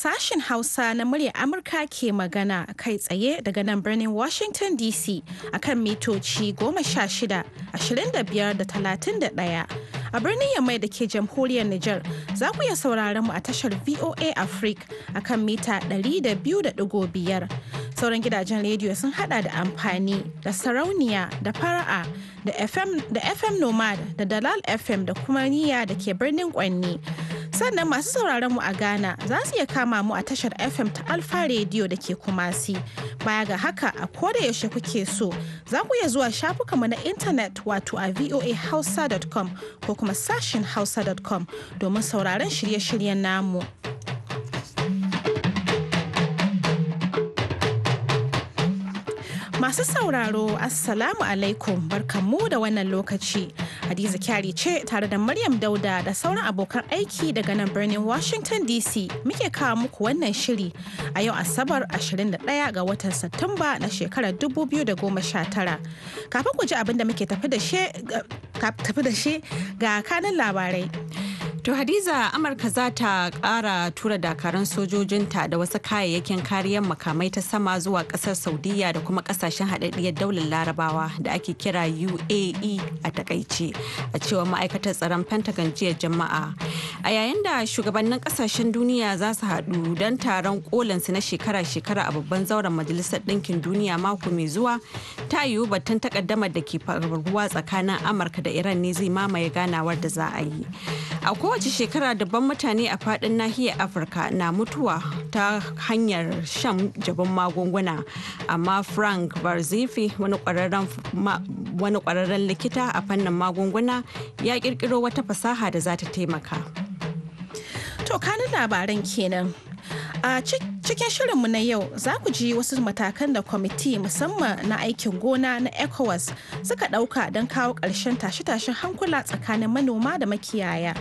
sashen Hausa na muryar Amurka ke magana kai tsaye daga nan birnin Washington DC akan mitoci 16, 25 da 31. A birnin Yamai da ke jamhuriyar Nijar za ku iya sauraron mu a tashar VOA Africa akan mita 200.5. Sauran gidajen rediyo sun hada da amfani da sarauniya da fara'a da FM, da FM Nomad da Dalal FM da kuma niyya da ke birnin Kwanni. sannan masu sauraron mu a Ghana za su iya kama mu a tashar FM ta Alfa Radio da ke Kumasi. Baya ga haka a koda yaushe kuke so za ku iya zuwa mu na intanet wato a voahausa.com ko kuma sashin hausa.com domin sauraron shirye-shiryen namu. Masu sauraro, Assalamu alaikum barkanmu da wannan lokaci. Hadiza Kyari ce tare da Maryam Dauda da sauran abokan aiki daga nan birnin Washington DC muke kawo muku wannan shiri a yau Asabar 21 ga watan Satumba na shekarar 2019. Kafin ku ji abin da muke tafi da shi ga kanin labarai. To Hadiza Amurka za ta ƙara tura dakarun sojojinta da wasu kayayyakin kariyar makamai ta sama zuwa ƙasar Saudiyya da kuma ƙasashen haɗaɗɗiyar daular larabawa da ake kira UAE a takaice a cewar ma'aikatar tsaron Pentagon jiya jama'a. A yayin da shugabannin ƙasashen duniya za su haɗu don taron kolansu na shekara-shekara a babban zauren Majalisar Ɗinkin Duniya mako mai zuwa ta yiwu batun takaddamar da ke faruwa tsakanin Amurka da Iran ne zai mamaye ganawar da za a yi. kowace shekara dabban mutane a fadin nahiyar afirka na mutuwa ta hanyar shan jabin magunguna amma frank barzifi wani kwararren likita a fannin magunguna ya kirkiro wata fasaha da za ta taimaka to kanin labaran kenan a cikin shirinmu na yau za ku ji wasu matakan da kwamiti musamman na aikin gona na ecowas suka ɗauka don kawo ƙarshen tashe-tashen hankula tsakanin manoma da makiyaya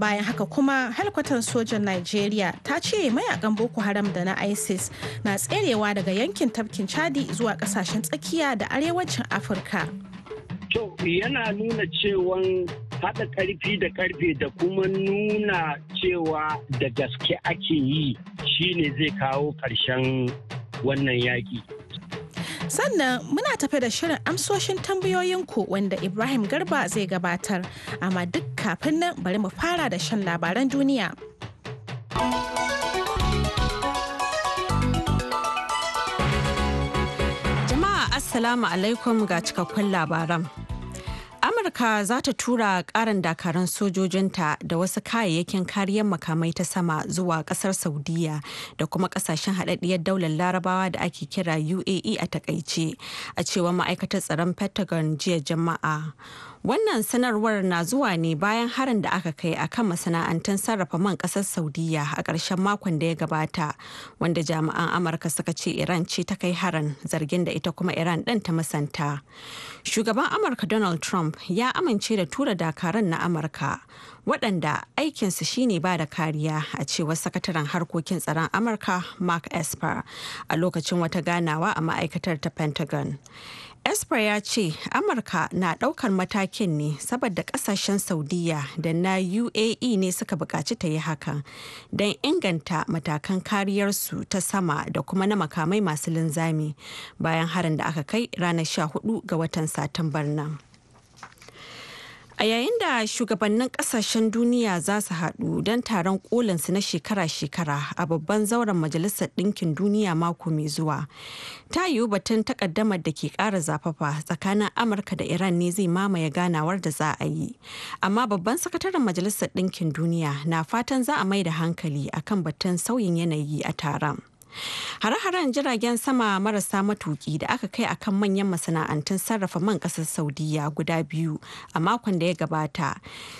bayan haka kuma halkwatan sojan nigeria ta ce mayakan boko haram da na isis na tserewa daga yankin tafkin chadi zuwa kasashen tsakiya da arewacin afirka to yana nuna cewa haɗa ƙarfi da ƙarfe da kuma nuna cewa da gaske ake yi shine zai kawo ƙarshen wannan yaƙi Sannan muna tafe da shirin amsoshin tambayoyinku wanda Ibrahim Garba zai gabatar, amma duk kafin nan bari mu fara da shan labaran duniya. Jama'a Assalamu alaikum ga cikakkun labaran. amurka za ta tura karin dakaran sojojinta da wasu kayayyakin kariyar makamai ta sama zuwa kasar saudiya da kuma kasashen haɗaɗɗiyar daular larabawa da ake kira uae a takaice a cewar ma'aikatar tsaron pentagon jiya jama'a Wannan sanarwar na zuwa ne bayan harin da aka kai a kan masana'antar sarrafa man kasar Saudiya a ƙarshen makon da ya gabata, wanda jami'an Amurka suka ce Iran ce ta kai harin zargin da ita kuma Iran ɗin ta masanta Shugaban Amurka Donald Trump ya amince da tura dakaran na Amurka, waɗanda aikinsu shine ba da kariya a cewar sakataren harkokin tsaron Amurka Mark Esper a lokacin wata ganawa a ma'aikatar ta Pentagon. esper ya ce amurka na daukar matakin ne saboda kasashen saudiya da na uae ne suka bukaci ta yi hakan don inganta matakan kariyarsu ta sama da kuma na makamai masu linzami bayan harin da aka kai ranar 14 ga watan satumbar nan. A yayin da shugabannin kasashen duniya za su haɗu don taron kolinsu na shekara-shekara a babban zauren Majalisar Ɗinkin Duniya mako mai zuwa. Ta yiwu batun takaddamar da ke ƙara zafafa tsakanin Amurka da Iran ne zai mamaye ganawar da za a yi. Amma babban sakataren Majalisar Ɗinkin Duniya na fatan za a mai da hankali akan batun sauyin yanayi a taron. Hare-haren jiragen sama marasa matuki da aka kai akan manyan masana'antun sarrafa man kasar Saudiya guda biyu a makon da ya gabata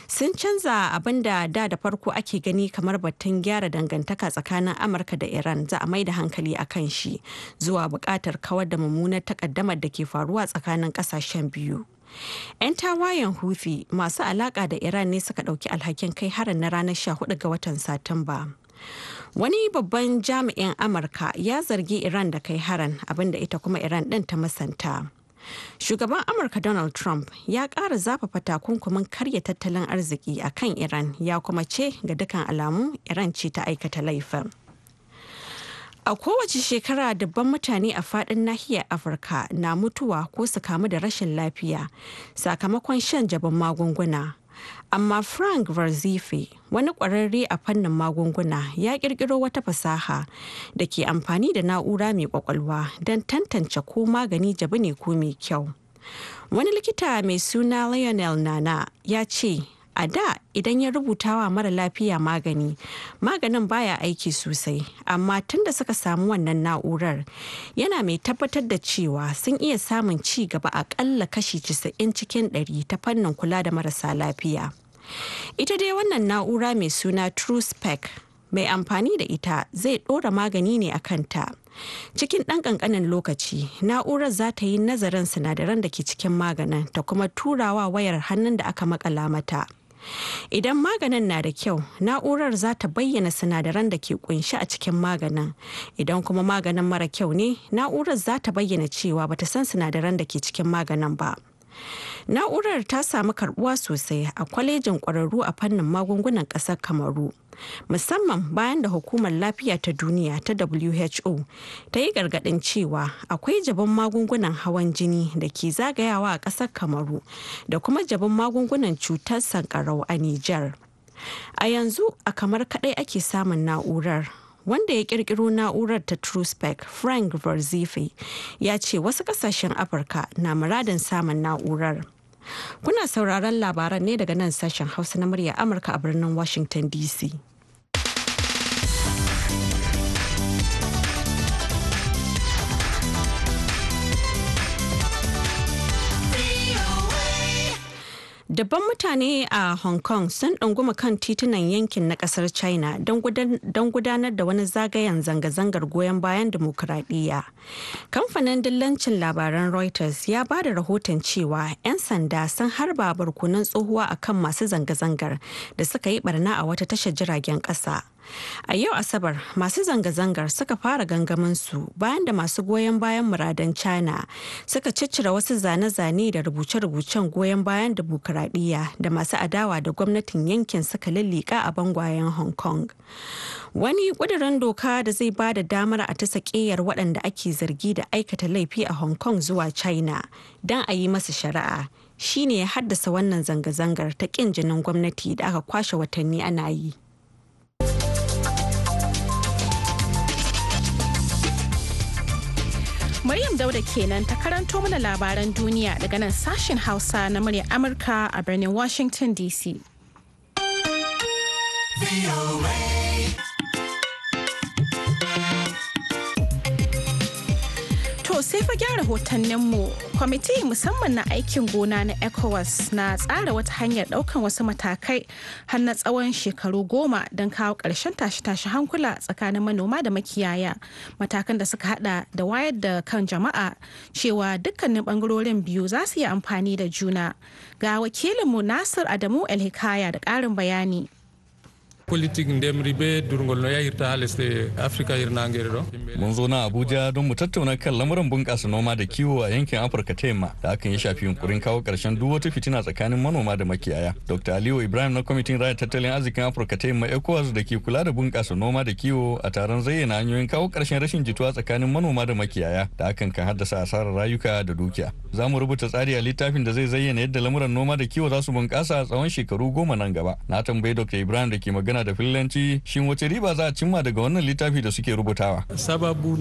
sun canza abin da da da farko ake gani kamar batun gyara dangantaka tsakanin Amurka da Iran za a mai da hankali a kan shi zuwa bukatar kawar da mummunar takaddamar da ke faruwa tsakanin ƙasashen biyu. 'Yan tawayen Houthi masu alaka da Iran ne suka dauki alhakin kai harin na ranar 14 ga watan Satumba. Wani babban jami'in Amurka ya zargi Iran da kai haran abinda ita kuma Iran ɗin ta masanta. Shugaban Amurka Donald Trump ya ƙara zafafa takunkumin karya tattalin arziki a kan Iran ya kuma ce ga dukkan alamu Iran ce ta aikata laifin. A kowace shekara dubban mutane a fadin nahiyar Afirka na mutuwa ko su kamu da rashin lafiya sakamakon shan jabin magunguna. Amma Frank Varzife, wani ƙwararre a fannin magunguna, ya ƙirƙiro wata fasaha da ke amfani da na'ura mai ƙwaƙwalwa don tantance ko magani jabi ne ko mai kyau. Wani likita mai suna Lionel Nana ya ce, a da idan ya rubuta wa mara lafiya magani maganin baya aiki sosai amma tun suka samu wannan na'urar yana mai tabbatar da cewa sun iya samun ci gaba a akalla kashi 90 cikin 100 ta fannin kula da marasa lafiya ita dai wannan na'ura mai suna truespec mai amfani da ita zai ɗora magani ne a kanta cikin ɗan ƙanƙanin lokaci na'urar za ta yi nazarin sinadaran da ke cikin maganin ta kuma turawa wayar hannun da aka makala mata Idan maganin na da kyau, na'urar za ta bayyana sinadaran da ke kunshi a cikin maganin. Idan kuma maganin mara kyau ne, na'urar za ta bayyana cewa bata san sinadaran da ke cikin maganin ba. Na'urar ta samu karbuwa sosai a kwalejin kwararru a fannin magungunan kasar Kamaru. musamman bayan da hukumar lafiya ta duniya ta WHO ta yi gargadin cewa akwai jabon magungunan hawan jini da ke zagayawa a ƙasar Kamaru da kuma jabon magungunan cutar sankarau a Nijar. A yanzu a kamar kaɗai ake samun na'urar. wanda ya kirkiro na'urar ta truspec frank verzife ya ce wasu kasashen afirka na muradin samun na'urar kuna sauraron labaran ne daga nan sashen hausa na murya amurka a birnin washington dc Dabban mutane a Hong Kong sun ɗunguma kan titunan yankin na ƙasar China don gudanar da wani zagayen zanga-zangar goyon bayan demokuraɗiyya. Kamfanin dillancin labaran Reuters ya ba da rahoton cewa 'yan sanda sun harba barkunan tsohuwa akan masu zanga-zangar da suka yi barna a wata tashar jiragen ƙasa. A yau Asabar masu zanga-zangar suka fara gangamin su bayan da masu goyon bayan muradan China suka ciccire wasu zane-zane da rubuce-rubucen goyon bayan dimokuraɗiyya da masu adawa da gwamnatin yankin suka lallika a bangwayen Hong Kong. Wani ƙudurin doka da zai ba da damar a ta sakeyar waɗanda ake zargi da aikata laifi a Hong Kong zuwa China don a yi masa shari'a. shine ya haddasa wannan zanga-zangar ta ƙin jinin gwamnati da aka kwashe watanni ana yi. Maryam Dauda kenan ta karanto mana labaran duniya daga nan sashen Hausa na murya Amurka a birnin Washington DC. fa sai fagen rahotanninmu, kwamiti musamman na aikin gona na ECOWAS na tsara wata hanyar daukan wasu matakai har na tsawon shekaru goma don kawo ƙarshen tashi-tashi hankula tsakanin manoma da makiyaya. Matakan da suka hada da wayar da kan jama'a cewa dukkanin bangarorin biyu za su yi amfani da juna. Ga wakilinmu Nasir Adamu El Hikaya da ƙarin bayani. politique ndemri be durgol no yahirta ha lesɗe africa ɗo mun zo na abuja don mu tattauna kan lamuran bunƙasa noma da kiwo a yankin afirka ta yamma da hakan ya shafi yunkurin kawo ƙarshen duk wata fitina tsakanin manoma da makiyaya dr aliyu ibrahim na kwamitin raya tattalin arzikin afirka ta yamma ecowas da ke kula da bunƙasa noma da kiwo a taron zayyana hanyoyin kawo ƙarshen rashin jituwa tsakanin manoma da makiyaya da hakan kan haddasa asarar rayuka da dukiya za mu rubuta tsari a littafin da zai zayyana yadda lamuran noma da kiwo za su bunƙasa tsawon shekaru goma nan gaba na tambayi dr ibrahim da ke magana harsuna da filanci shin wace riba za a cimma daga wannan littafi da suke rubutawa sababu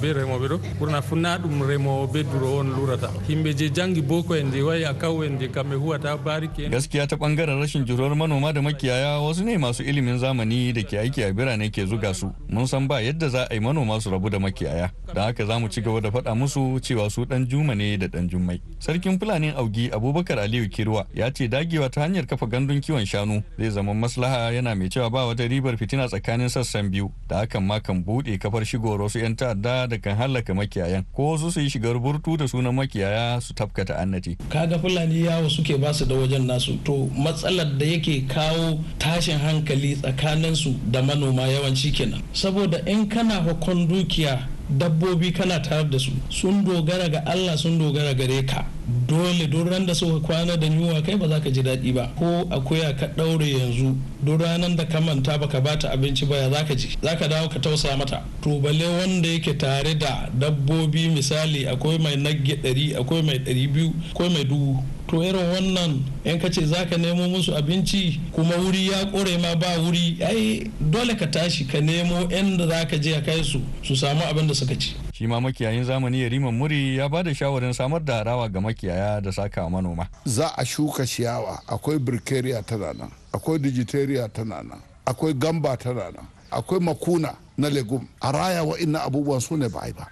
be remo duro on ta himbe je jangi boko en je wai a je huwa ta bari ke gaskiya ta bangaren rashin juruwar manoma da makiyaya wasu ne masu ilimin zamani da ke aiki a birane ke zuga su mun san ba yadda za a yi manoma su rabu da makiyaya da haka za mu ci gaba da faɗa musu cewa su ɗan juma ne da ɗan jummai sarkin fulanin augi abubakar aliyu kirwa ya ce dagewa ta hanyar kafa gandun kiwon shanu zai zama maslaha yana mai cewa ba wata ribar fitina tsakanin sassan biyu da hakan ma kan bude kafar shigowar wasu 'yan ta'adda da kan hallaka makiyayan ko wasu su yi shigar burtu da sunan makiyaya su tafkata annati. kaga fulani yawo suke ba su da wajen nasu to matsalar da yake kawo tashin hankali tsakanin su da manoma yawanci kenan saboda in kana hukun dukiya dabbobi kana tare da su sun dogara ga Allah sun dogara gare ka dole duk ran da suka kwana da yunwa kai ba za ka ji daɗi ba ko akuya ka ɗaure yanzu duk ranar da ka manta baka bata abinci ba ya za ka ji za ka dawo ka tausa mata to balle wanda yake tare da dabbobi misali akwai mai nagge ɗari akwai mai ɗari biyu akwai mai dubu to irin wannan yan ka ce za ka nemo musu abinci kuma wuri ya kore ma ba wuri ai dole ka tashi ka nemo inda za ka je a kai su su samu abin da suka ci shi ma makiyayin zamani ya riman muri ya ba da shawarin samar da harawa ga makiyaya da saka manoma za a shuka ciyawa akwai birkeriya tana nan akwai digiteriya tana nan akwai gamba tana nan akwai makuna na legum a raya wa'in abubuwan su ne ba ba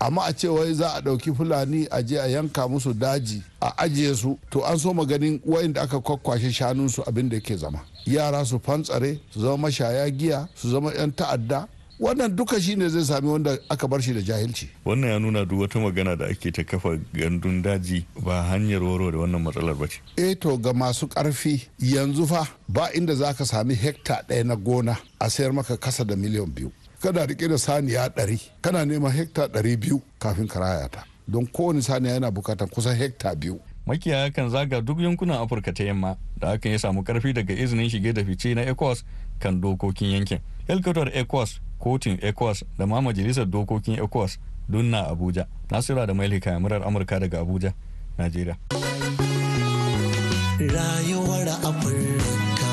amma a ce wai za a ɗauki fulani a je a yanka musu daji a ajiye su to an so maganin da aka kwakwashe shanunsu abin da ke zama yara su fantsare su zama mashaya giya su zama 'yan ta'adda wannan duka shine zai sami wanda aka bar shi da jahilci wannan ya nuna duk wata magana da ake ta kafa gandun daji ba hanyar waro da wannan matsalar ba ce eh to ga masu karfi yanzu fa ba inda za ka sami hekta ɗaya na gona a sayar maka kasa da miliyan biyu kada rike da saniya ɗari kana nema hekta ɗari biyu kafin ka raya ta don kowane saniya yana bukatar kusan hekta biyu makiyaya kan zaga duk yankunan afirka ta yamma da hakan ya samu karfi daga izinin shige da fice na ecowas kan dokokin yankin helkatar ecowas kotun ecowas da ma majalisar dokokin ecowas dunna abuja nasira da mailika murar amurka daga abuja najeriya rayuwar afirka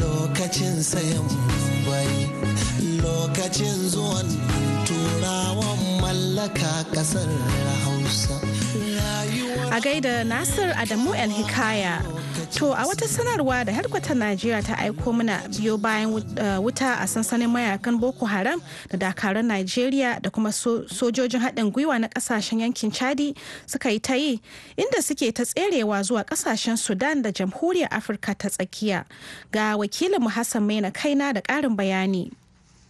lokacin sayan bai lokacin zuwan turawan mallaka kasar hausa a gaida nasir adamu el hikaya to a wata sanarwa da harkwatar najeriya ta aiko mana biyo bayan eh, wuta a sansanin mayakan boko haram da dakarun najeriya da kuma sojojin haɗin gwiwa na ƙasashen yankin chadi suka yi ta yi inda suke ta tserewa zuwa ƙasashen sudan da jamhuriyar afirka ta tsakiya ga wakilin hassan maina kaina da ƙarin bayani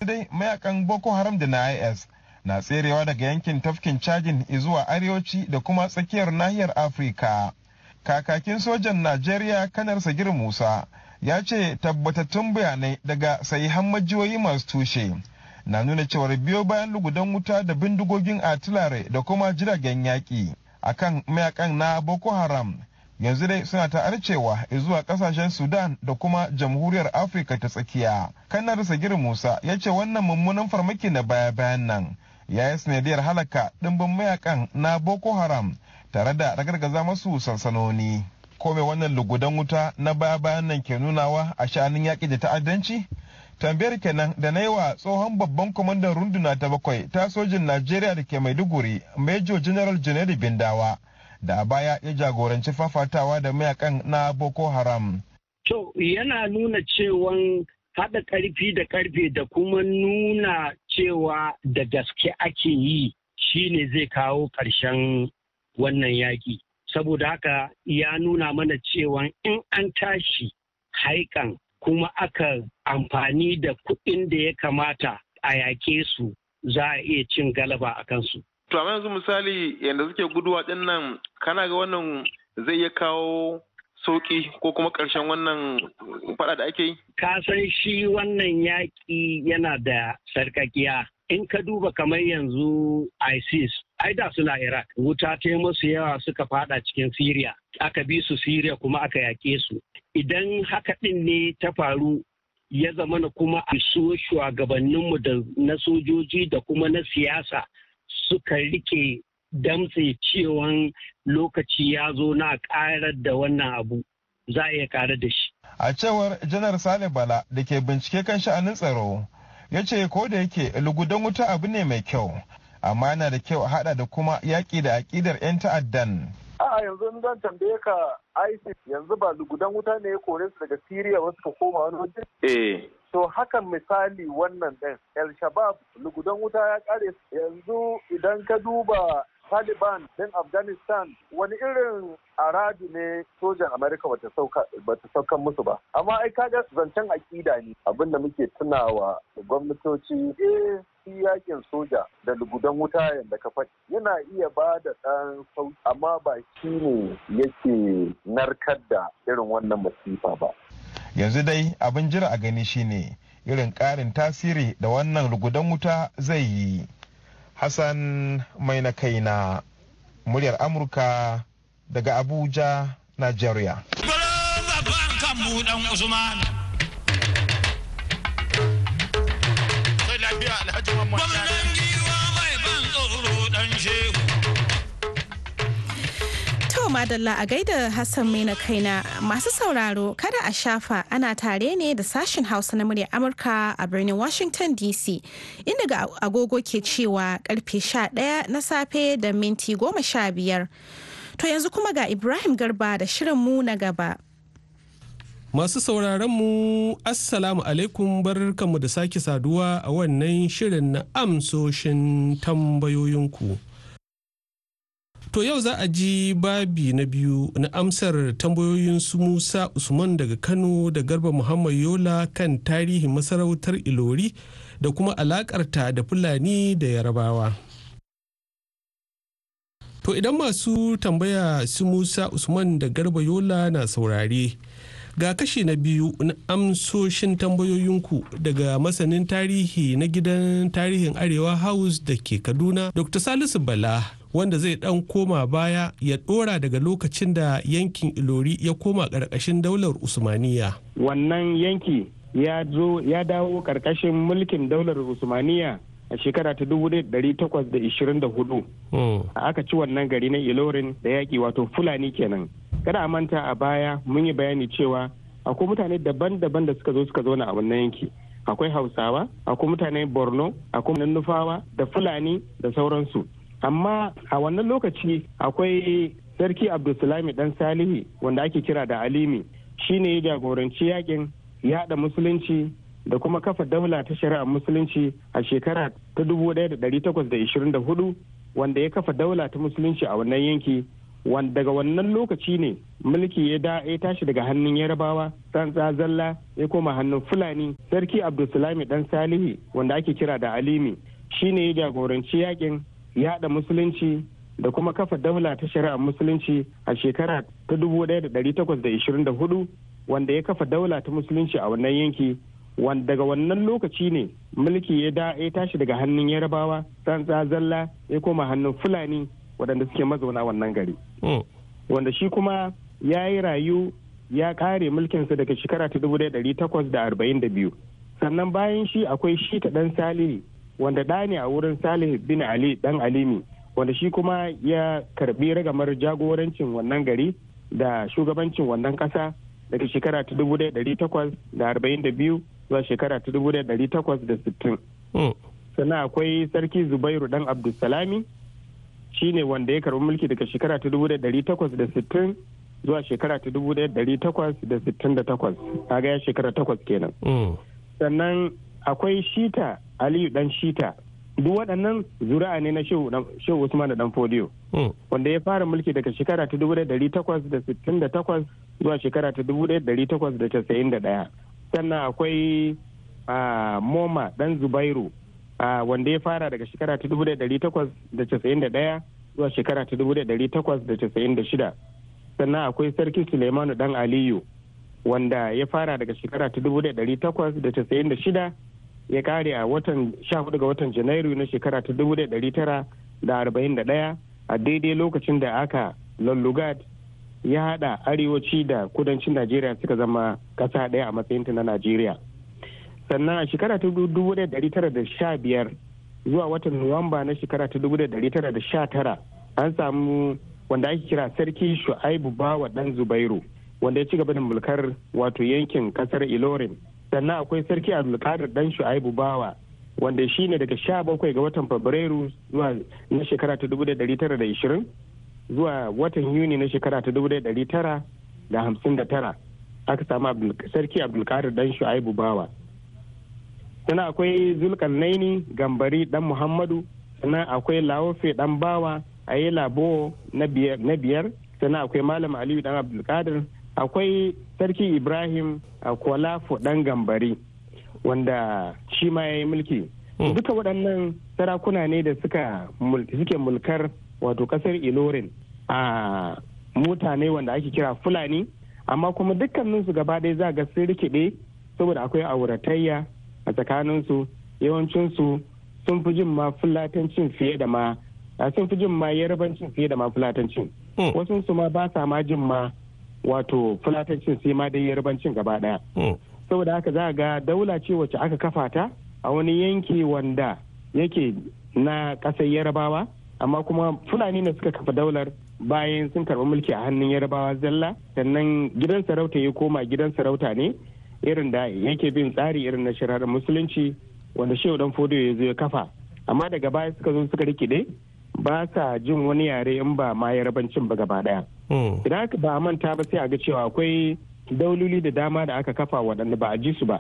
dai mayakan boko haram da na is na tserewa daga yankin tafkin cajin zuwa arewaci da kuma tsakiyar nahiyar afirka kakakin sojan najeriya kanar sagir musa ya ce tabbatattun bayanai daga sahihan majiyoyi masu tushe na nuna cewar biyo bayan lugudan wuta da bindigogin atilare da kuma jiragen yaƙi akan mayakan na boko haram yanzu dai suna ta arcewa zuwa kasashen sudan da kuma jamhuriyar afirka ta tsakiya kanar sagir musa ya ce wannan mummunan farmaki na baya bayan nan ya yi sanadiyar halaka dimbin mayakan na boko haram tare da ragargaza masu sansanoni kome wannan lugudan wuta na baya bayan nan ke nunawa a sha'anin yaƙi da ta'addanci tambayar kenan da na yi wa tsohon babban kwamandan runduna ta bakwai ta sojin najeriya da ke maiduguri major general janairu bindawa da a baya ya jagoranci fafatawa da mayakan na Boko Haram. To yana nuna cewa haɗa ƙarfi da ƙarfe da kuma nuna cewa da gaske ake yi shine zai kawo ƙarshen wannan yaƙi. Saboda haka ya nuna mana cewa in an tashi haikan kuma aka amfani da kuɗin da ya kamata a yaƙe su za a iya cin galaba a kansu. to amma yanzu misali yadda suke guduwa din nan kana ga wannan zai iya kawo sauki ko kuma ƙarshen wannan fada da ake yi? Ka san shi wannan yaƙi yana da sarkakiya. In ka duba kamar yanzu ISIS, ai da suna Iraq, wuta ta musu yawa suka fada cikin Syria, aka bi su Syria kuma aka yaƙe su. Idan haka ɗin ne ta faru ya zamana kuma a so shugabanninmu da na sojoji da kuma na siyasa suka rike damtse cewan lokaci ya zo na karar da wannan abu za a iya karar da shi. A cewar janar Sale Bala da ke bincike kan sha'anin tsaro ya ce ko da yake lugudan wuta abu ne mai kyau amma yana da kyau hada da kuma yaƙi da aƙidar 'yan ta'addan. A yanzu zan tambaye ka ISIS yanzu ba lugudan wuta ne ya kore su daga Siriya wasu ka koma wani waje? Eh. To hakan misali wannan ɗin, El Shabab lugudan wuta ya ƙare yanzu idan ka duba Taliban ɗin Afghanistan wani irin aradu ne sojan Amerika bata saukan musu ba. Amma ai kaga zancen aƙida ne abinda muke tunawa gwamnatoci eh, shi yakin soja da lugudan wuta yadda ka faɗi yana iya ba da ɗan sauki amma ba shi ne yake narkar da irin wannan masifa ba yanzu dai abin jira a gani shine irin ƙarin tasiri da wannan rugudan wuta zai yi hassan mai na kaina muryar amurka daga abuja nigeria Gwamnan giwa mai ban tsoro dan shehu To madalla a gaida Hassan mai na kaina masu sauraro kada a shafa ana tare ne da sashen Hausa na murya Amurka a birnin Washington DC inda ga agogo ke cewa karfe 11 na safe da minti 15. To yanzu kuma ga Ibrahim Garba da shirin mu na gaba. Masu sauraron mu Assalamu alaikum barkanmu da sake saduwa a wannan shirin na amsoshin tambayoyinku. To yau za a ji babi na biyu na amsar tambayoyin su Musa Usman daga Kano da Garba Muhammad Yola kan tarihin masarautar Ilori da kuma alakarta da Fulani da Yarabawa. To idan masu tambaya su Musa Usman da Garba Yola na saurare. Ga kashi na biyu na amsoshin tambayoyinku daga masanin tarihi na gidan tarihin Arewa House da ke Kaduna, Dr. Salisu Bala wanda zai dan koma baya ya dora daga lokacin da yankin ilori ya koma karkashin daular usmaniya wannan yanki ya zo ya dawo karkashin mulkin daular usmaniya a shekara ta da 1824 hmm. aka ci wannan gari na ilorin da yaƙi wato fulani kenan kada a manta a baya mun yi bayani cewa akwai mutane daban-daban da suka zo suka zauna a wannan yanki akwai hausawa akwai mutane borno akwai nufawa da fulani da sauransu amma a wannan lokaci akwai sarki abdulsalami dan salihi wanda ake kira da alimi shine ya jagoranci yakin yada musulunci da kuma kafa daula ta shari'ar musulunci a shekara ta dubu da hudu wanda ya kafa daula ta musulunci a wannan yanki wanda daga wannan lokaci ne mulki ya da ya tashi daga hannun yarabawa tsantsa zalla ya koma hannun fulani sarki abdulsalami dan salihi wanda ake kira da alimi shine ya jagoranci yakin yada musulunci da kuma kafa daula ta shari'ar musulunci a shekara ta 1824 wanda ya kafa daula ta musulunci a wannan yanki wanda daga wannan lokaci ne mulki ya da ya tashi daga hannun yarabawa tsantsa zalla ya koma hannun fulani waɗanda suke mazauna wannan gari hmm. wanda shi kuma ya yi rayu ya kare mulkinsa daga shekara ta 1842 sannan bayan shi akwai shi ta ɗan salili wanda ɗa ne a wurin salih bin ali dan alimi wanda shi kuma ya karbi ragamar jagorancin wannan gari da shugabancin wannan ƙasa daga shekara ta dubu da da arba'in biyu zuwa shekara ta dubu takwas da sittin. Hmm. sana akwai sarki zubairu dan abdulsalami shi ne wanda ya karbi mulki daga shekara ta dubu takwas da sittin zuwa shekara ta dubu takwas da da sittin takwas kaga ya shekara takwas kenan hmm. sannan akwai shita aliyu dan shita duk waɗannan zuri'a ne na shehu usman da dan fodiyo hmm. wanda ya fara mulki daga shekara ta 1868 zuwa shekara ta 1891 sannan akwai moma dan zubairu wanda ya fara daga shekara ta 1891 zuwa shekara ta 1896 sannan akwai sarki suleimanu dan aliyu wanda ya fara daga shekara ta 1896 ya kare a watan 14 ga watan janairu na shekara ta 1941 a daidai lokacin da aka lullugat ya hada arewaci da kudancin najeriya suka zama kasa daya a matsayin ta na najeriya sannan a shekara ta 1915 zuwa watan nuwamba na shekara ta 1919 an samu wanda ake kira sarki shu'aibu bawa dan zubairu wanda ya ci gaba da mulkar wato yankin kasar ilorin sannan akwai sarki abdulkadir dan shu'aibu bawa wanda shi ne daga sha bakwai ga watan fabrairu zuwa na shekara ta dubu dari tara da ishirin zuwa watan yuni na shekara ta dubu da tara da hamsin da tara aka samu sarki abdulkadir dan shu'aibu bawa sannan akwai zulkarnaini gambari dan muhammadu sannan akwai lawofe dan bawa a yi labo na biyar sannan akwai malam aliyu dan abdulkadir akwai sarki ibrahim kola fudan gambari wanda shi ma ya yi mulki hmm. duka waɗannan sarakuna ne da suka suke mulkar wato kasar ilorin a mutane wanda ake kira fulani amma kuma dukkaninsu gaba ɗaya za ga sun rikide saboda akwai auratayya a tsakaninsu yawancinsu sun fi jin ma fulatancin fiye da ma sun fi jin ma yarabancin fiye da ma fulatancin hmm. wasu su ma ba sa ma jin ma wato fulatancin sai ma dai yarbancin gaba daya hmm. saboda haka za ga daula ce wacce aka kafa ta a wani yanki wanda yake na ƙasar yarabawa amma kuma fulani ne suka kafa daular bayan sun karɓi mulki a hannun yarabawa zalla sannan gidan sarauta ya koma gidan sarauta ne irin da yake bin tsari irin na shirar musulunci wanda shehu dan fodo ya zo ya kafa amma daga baya suka zo suka rikide ba sa jin wani yare in ba ma yarabancin ba gaba daya Hmm. idan aka ba manta ba sai a ga cewa akwai dauloli da dama da aka kafa waɗanda ba a ji su ba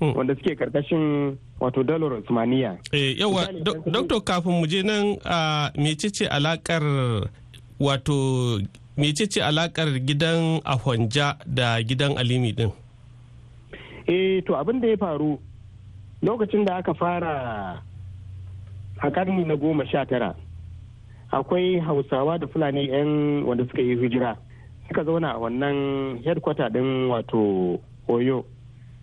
hmm. wanda suke karkashin wato dalar usmaniya yawa doktor kafin mu je nan a mecece alakar wato mecece alakar gidan ahonja da gidan alimi din eh to abin da ya faru lokacin da aka fara a karni na goma sha tara akwai hausawa da fulani 'yan wanda suka yi hijira suka zauna a wannan headquarter din wato oyo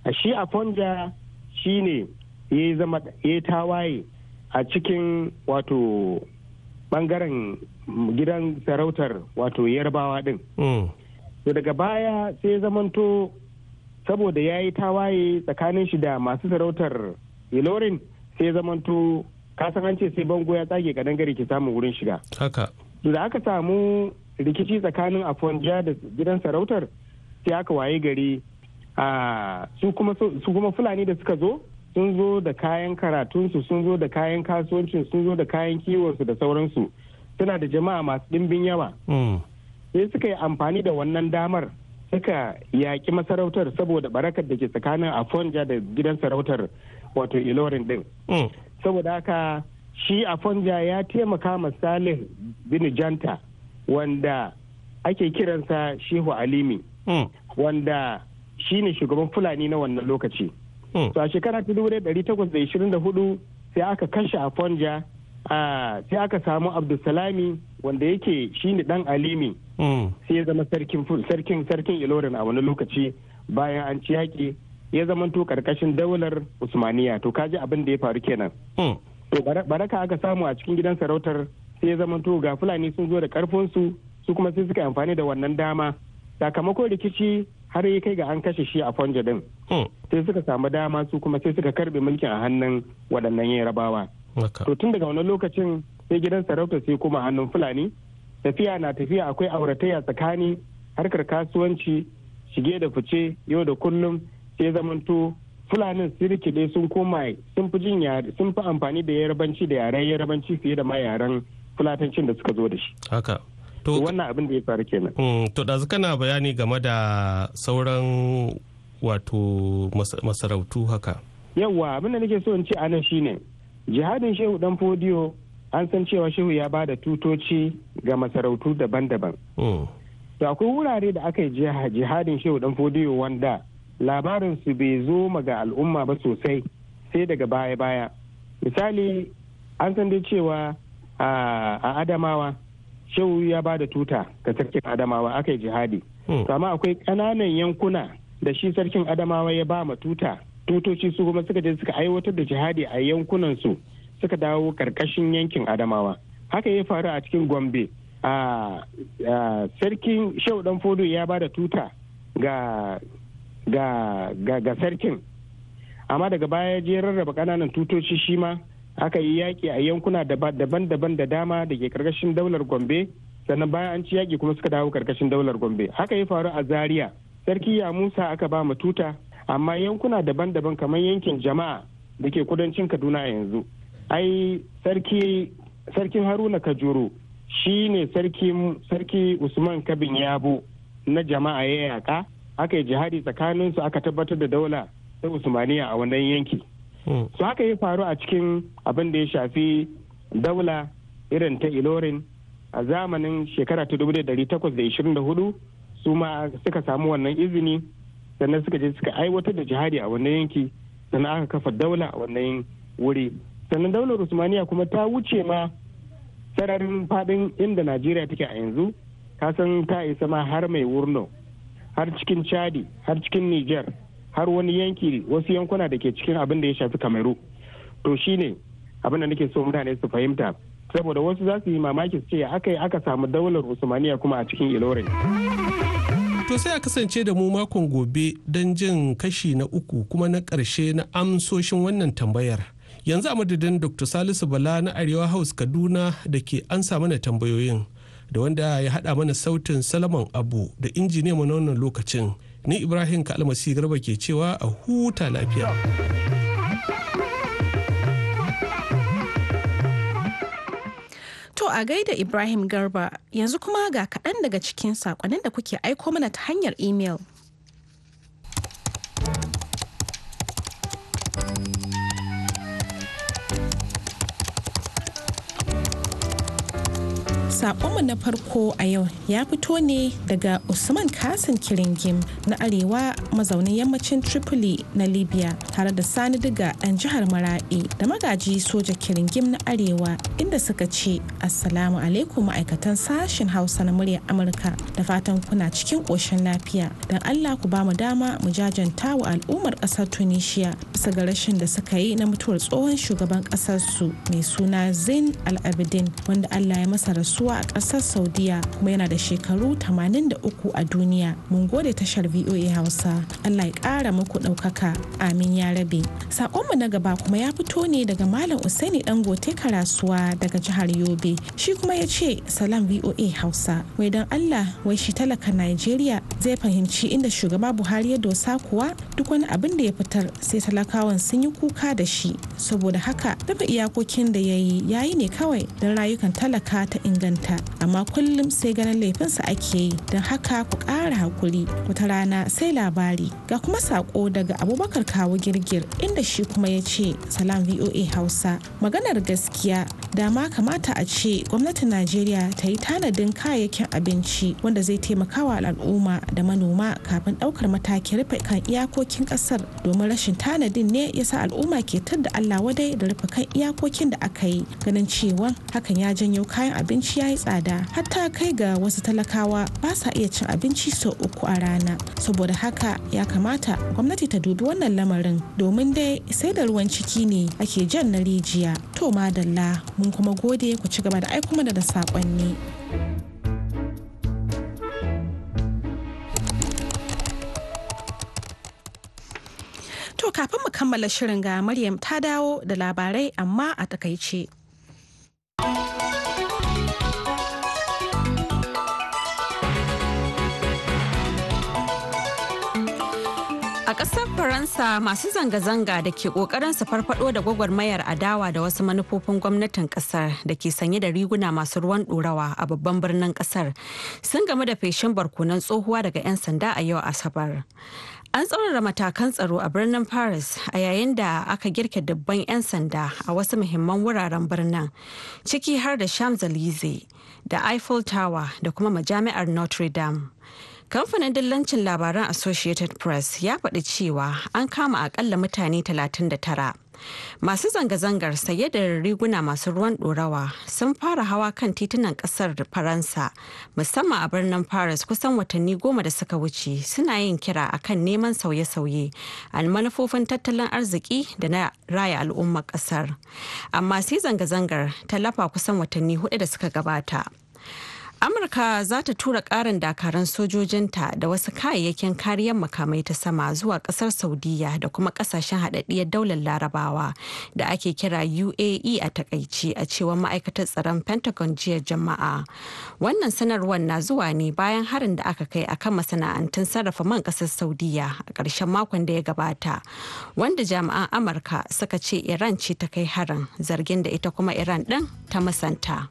a shi a fonja shi ne ya zama ya tawaye a cikin wato bangaren gidan sarautar wato yarbawa din mm. to daga baya sai zamanto saboda ya yi tawaye tsakanin shi da masu sarautar ilorin sai zamanto ka san an ce sai bango ya tsage kadan gari ki samu wurin shiga haka da aka samu rikici tsakanin afonja da gidan sarautar sai aka waye gari su kuma fulani da suka zo sun zo da kayan karatunsu sun zo da kayan kasuwancin sun zo da kayan kiwonsu da sauransu suna da jama'a masu ɗimbin yawa mm. sai suka yi amfani da wannan damar suka yaƙi masarautar saboda barakar da ke tsakanin afonja da gidan sarautar wato ilorin din mm. saboda haka shi a fonja ya taimaka ma salih bin janta wanda ake kiransa shehu alimi hmm. wanda shi ne shugaban fulani na wannan lokaci hmm. so a shekara ta 1824 sai aka kashe a fonja sai aka samu abdulsalami wanda yake shi ne dan alimi hmm. sai ya zama sarkin sarkin ilorin a wani lokaci bayan an ci yaƙi ya zamanto karkashin daular usmaniya to kaji abin da ya faru kenan hmm. to baraka aka samu a cikin gidan sarautar sai ya zamanto ga fulani sun zo da karfin su su kuma sai suka amfani da wannan dama sakamakon rikici har ya kai ga an kashe shi a fonja din hmm. sai suka samu dama su kuma sai suka karbe mulkin a hannun waɗannan yarabawa to tun daga wani lokacin sai gidan sarauta sai kuma hannun fulani tafiya na tafiya akwai auratayya tsakani harkar kasuwanci shige da fice yau da kullum sai zamanto fulanin sun rikide sun koma sun fi jin sun fi amfani da yarabanci da yaren yarabanci fiye da ma yaren fulatancin da suka zo da shi haka wannan abin da ya faru kenan mm, to da kana bayani game da sauran wato masarautu haka yawwa abin da nake so in ce anan shine jihadin shehu dan fodiyo an san cewa shehu ya ba da tutoci ga masarautu daban-daban mm. to akwai wurare da aka yi jihadin shehu dan fodiyo wanda labarinsu bai zo ga al'umma ba sosai sai daga baya-baya misali an san dai cewa a adamawa shehu ya ba da tuta ga sarkin adamawa aka yi jihadi hmm. amma akwai ƙananan yankuna da shi sarkin adamawa ya ba ma tuta tutoci su kuma suka je suka aiwatar da jihadi a yankunansu suka dawo karkashin yankin adamawa haka ya faru a cikin gombe a sarkin shehu dan fodo ya ba da tuta ga ga sarkin amma daga baya je rarraba kananan tutoci shi ma aka yi yaƙi a yankuna daban-daban da dama da ke karkashin daular gombe sannan bayan an ci yaƙi kuma suka dawo karkashin daular gombe haka ya faru a zaria sarki ya musa aka ba mu tuta amma yankuna daban-daban kamar yankin jama'a da ke kudancin kaduna a yanzu ai sarki sarkin haruna kajuru shi ne sarki usman kabin yabo na jama'a ya yaƙa aka yi jihadi tsakaninsu aka tabbatar da daula ta usmaniya a wannan yanki hmm. su haka ya faru a cikin abin da ya shafi daula irin ta ilorin a zamanin shekara ta 1824 su ma suka samu wannan izini sannan suka je suka aiwatar da jihadi a wannan yanki sannan aka kafa daula a wannan wuri sannan daular usmaniya kuma ta wuce ma sararin fadin inda najeriya take a yanzu kasan ta isa ma har mai wurno har cikin chadi har cikin niger har wani yanki wasu yankuna da ke cikin abin da ya shafi kameru to shine abin da nake so mutane su fahimta saboda wasu za su yi mamaki su ce aka yi aka samu daular usmaniya kuma a cikin ilorin to sai a kasance da mu makon gobe don jin kashi na uku kuma na karshe na amsoshin wannan tambayar yanzu a madadin dr salisu bala na arewa house kaduna da ke an ansa mana tambayoyin da wanda ya haɗa mana sautin salaman abu da injiniya mana wannan lokacin ni ibrahim kalmasi garba ke cewa a huta lafiya To a gaida Ibrahim Garba yanzu kuma ga kaɗan daga cikin saƙonin da kuke aiko mana ta hanyar imel. Sakonmu na farko a yau ya fito ne daga Usman Kasan Kiringim na Arewa mazaunin yammacin Tripoli na Libya tare da Sani Diga ɗan jihar Mara'i da magaji soja Kiringim na Arewa inda suka ce Assalamu alaikum ma'aikatan sashen Hausa na muryar Amurka da fatan kuna cikin ƙoshin lafiya don Allah ku ba mu dama mu jajanta wa al'ummar ƙasar Tunisia bisa ga rashin da suka yi na mutuwar tsohon shugaban ƙasarsu mai suna Zain al wanda Allah ya masa rasuwa rayuwa a ƙasar saudiya kuma yana da shekaru 83 a duniya mun gode tashar voa hausa allah ya kara muku ɗaukaka amin ya rabe saƙonmu na gaba kuma ya fito ne daga malam usaini dangote karasuwa daga jihar yobe shi kuma ya ce salam voa hausa wai don allah wai shi talaka najeriya zai fahimci inda shugaba buhari ya dosa kuwa duk wani abin da ya fitar sai talakawan sun yi kuka da shi saboda haka duka iyakokin da ya yi ya ne kawai don rayukan talaka ta inganta ta amma kullum sai ganin laifinsa ake yi don haka ku ƙara hakuri wata rana sai labari ga kuma sako daga abubakar kawo girgir inda shi kuma ya ce salam voa hausa maganar gaskiya dama kamata a ce gwamnatin najeriya ta yi tanadin kayayyakin abinci wanda zai taimaka wa al'umma da manoma kafin ɗaukar matakin rufe kan iyakokin ƙasar domin rashin tanadin ne ya sa al'umma ke da allah wadai da rufe kan iyakokin da aka yi ganin cewa hakan ya janyo kayan abinci ya yi tsada hatta kai ga wasu talakawa ba sa iya cin abinci sau uku a rana saboda haka ya kamata gwamnati ta dubi wannan lamarin domin dai sai da ruwan ciki ne ake jan na rijiya to madalla mun kuma gode ku ci gaba da aikuma kuma da saƙonni. To kafin mu kammala shirin ga Maryam ta dawo da labarai amma a takaice. Faransa masu zanga-zanga da ke kokarin su farfado da gwagwarmayar adawa da wasu manufofin gwamnatin kasar da ke sanye da riguna masu ruwan ɗorawa a babban birnin kasar sun game da feshin barkunan tsohuwa daga 'yan sanda a yau Asabar. An tsaurara matakan tsaro a birnin Paris a yayin da aka girke dubban 'yan sanda a wasu muhimman wuraren birnin, ciki har da champs da Eiffel Tower da kuma majami'ar Notre Dame. Kamfanin dillancin labaran Associated Press ya faɗi cewa an kama akalla mutane 39. Masu zanga-zangar saye da riguna masu ruwan ɗorawa sun fara hawa kan titunan ƙasar Faransa musamman a birnin Paris kusan watanni goma da suka wuce suna yin kira a kan neman sauye-sauye a manufofin tattalin arziki da na raya al'ummar ƙasar. Amma sai zanga-zangar ta lafa kusan watanni hudu da suka gabata. amurka za ta tura ƙarin dakaran sojojinta da wasu kayayyakin kariyar makamai ta sama zuwa ƙasar Saudiyya da kuma ƙasashen haɗaɗɗiyar daular larabawa da ake kira uae a e takaici a cewar ma'aikatar tsaron pentagon jiya jama'a wannan sanarwar na zuwa ne bayan harin da aka kai akan masana'antun sarrafa man ƙasar Saudiyya a ƙarshen makon da ya gabata wanda jami'an amurka suka ce iran ce ta kai harin zargin da ita kuma iran ɗin ta musanta.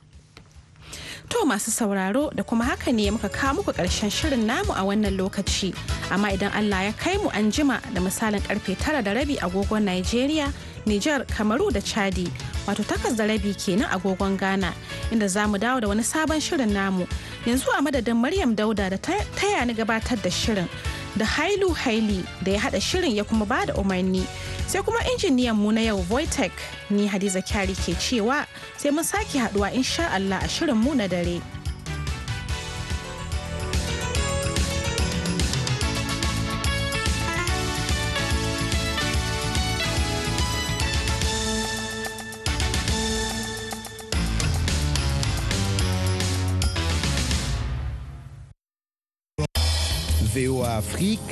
To masu sauraro da kuma haka ne muka kawo muku ƙarshen shirin namu a wannan lokaci. Amma idan Allah ya kai mu an jima da misalin karfe tara da rabi agogon Najeriya Nijar, Kamaru da Chadi wato takas da rabi kenan agogon Ghana inda za mu dawo da wani sabon shirin namu yanzu a madadin Maryam Dauda da taya ni gabatar da shirin da Hailu Haili da ya hada shirin ya kuma bada umarni sai kuma injiniyan mu na yau Voitech ni Hadiza Kyari ke cewa sai mun sake haduwa insha Allah a shirin mu na dare. Au Afrique.